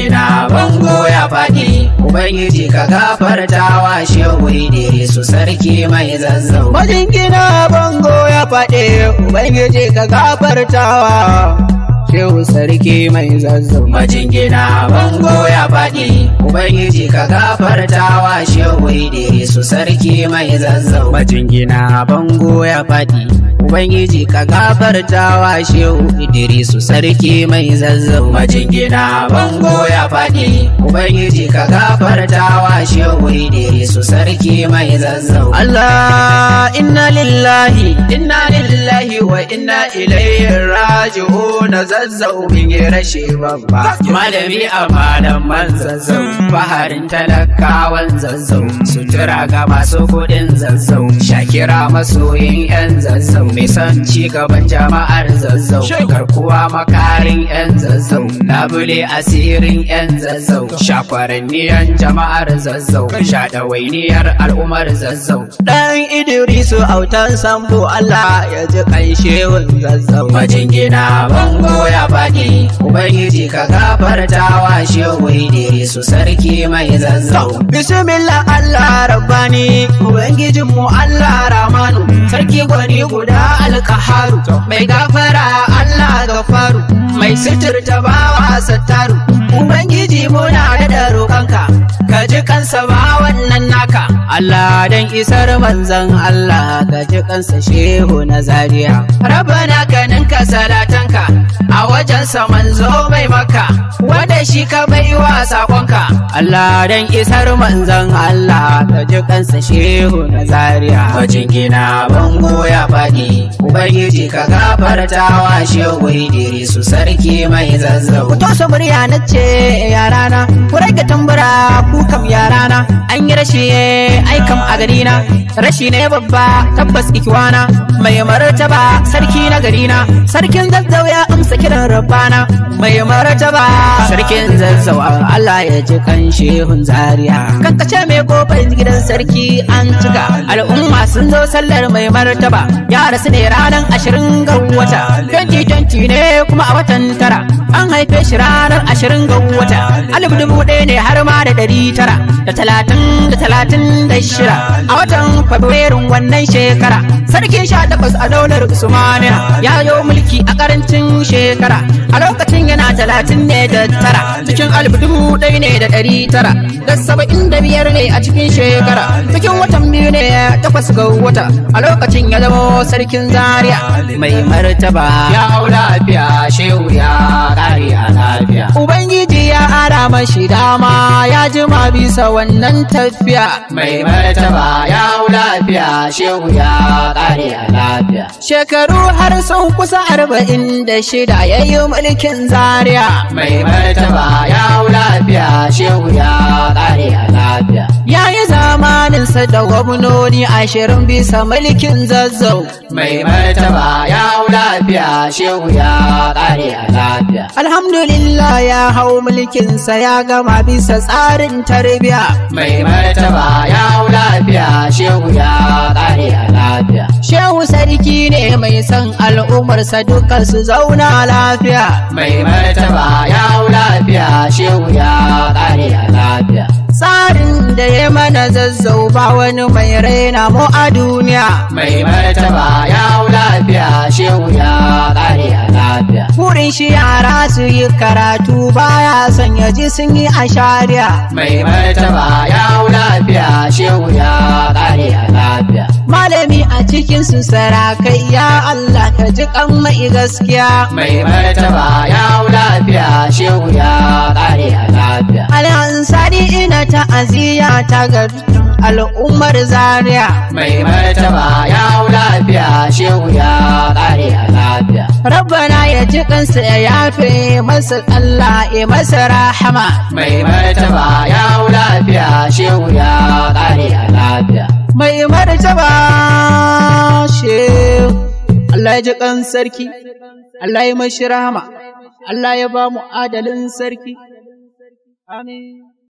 jingina bango ya faɗi ubangiji ka gafartawa shehu idiri su sarki mai zazzau majingina bango ya faɗi ubangiji ka wa Shehu sarki mai zazzau majingina bango ya faɗi Ubangiji ka wa shehu su sarki mai zazzau gina bango ya faɗi ubangiji ka wa shehu idrisu sarki mai zazzau gina bango ya faɗi ubangiji ka wa shehu idrisu sarki mai zazzau allah inna lillahi inna lillahi wa inna ilayhi Na zazzau min rashe babba malami a fadan man zazzau baharin talakawan zazzau sutura ga masu kudin zazzau shakira masoyin yan zazzau mai son ci gaban jama'ar zazzau garkuwa makarin yan zazzau labule asirin yan zazzau shakwaranniyan jama'ar zazzau shaɗawainiyar al'ummar zazzau ɗan su autan sambo allah ya ji ƙanshewun zazzau majingina bango ya faɗi ubangiji ka gafartawa shehu idrisu sarki mai zazzau bismillah allah rabba sani ubangijinmu Allah ramanu sarki gwani guda alkaharu mai gafara Allah gafaru mai suturta bawa sattaru ubangiji muna da roƙonka ka ji kansa ba wannan naka Allah dan isar manzan Allah ga jikansa shehu na zaria rabana ganin ka salatanka a wajensa manzo mai maka wanda shi ka baiwa sakonka Allah dan isar manzan Allah ga jikansa shehu na zaria Wajen gina bango ya faɗi ubangiji ka wa shehu su sarki mai zazzau to so murya nace yarana ku rage tambura ku kam yarana an yi rashe ai kam a gani na rashi ne babba tabbas ikwana mai martaba sarki na garina sarkin zazzau ya amsa kiran rabbana mai martaba sarkin zazzau Allah ya ji kan shehun zaria kankace mai kofar gidan sarki an cika al'umma sun zo sallar mai martaba ya rasu ne ranar ashirin ga wata 2020 ne kuma a watan tara an haife shi ranar ashirin ga wata alif dubu ɗaya ne har ma da ɗari tara da talatin da talatin da shira a watan fabrairun wannan shekara sarkin sha takwas a daular usmaniya ya yo mulki a karancin shekara a lokacin yana talatin ne da tara cikin alif dubu ɗaya ne da ɗari tara da saba'in da biyar ne a cikin shekara cikin watan biyu ne takwas ga wata a lokacin ya zama sarkin zaria mai martaba ya hau lafiya shehu ya kare a lafiya ubangiji ya ara mashi dama ya jima bisa wannan tafiya mai martaba ya hau lafiya shehu ya kare a lafiya shekaru har sun kusa arba'in da shida ya yi mulkin zaria kariya mai martaba ya lafiya shehu ya kare a lafiya ya yi zamaninsa da gwamnoni ashirin bisa mulkin zazzau mai martaba ya lafiya shehu ya kare a lafiya alhamdulillah ya hau mulkinsa ya gama bisa tsarin tarbiya mai martaba ya lafiya shehu ya kare a lafiya shehu sarki ne mai son al'ummarsa dukkan su zauna lafiya mai martaba ba ya lafiya shehu ya kare lafiya tsarin da ya mana zazzau ba wani mai raina mu a duniya mai martaba ya lafiya shehu ya kare a lafiya burin shi yara su yi karatu baya son ya ji sun yi a shariya. mai martaba ya lafiya shehu ya kare a lafiya malami a cikin su sarakai ya Allah ka ji kan mai gaskiya mai martaba ya lafiya shehu ya kare a lafiya alhansari ina aziya ta gari al'ummar zaria mai martaba ya lafiya shehu ya kare a lafiya rabbana ya ji kansa ya yafe masa Allah ya masa rahama mai martaba ya lafiya shehu ya kare a lafiya mai martaba shehu Allah ya ji kan sarki Allah ya mashi rahama Allah ya ba mu adalin sarki amin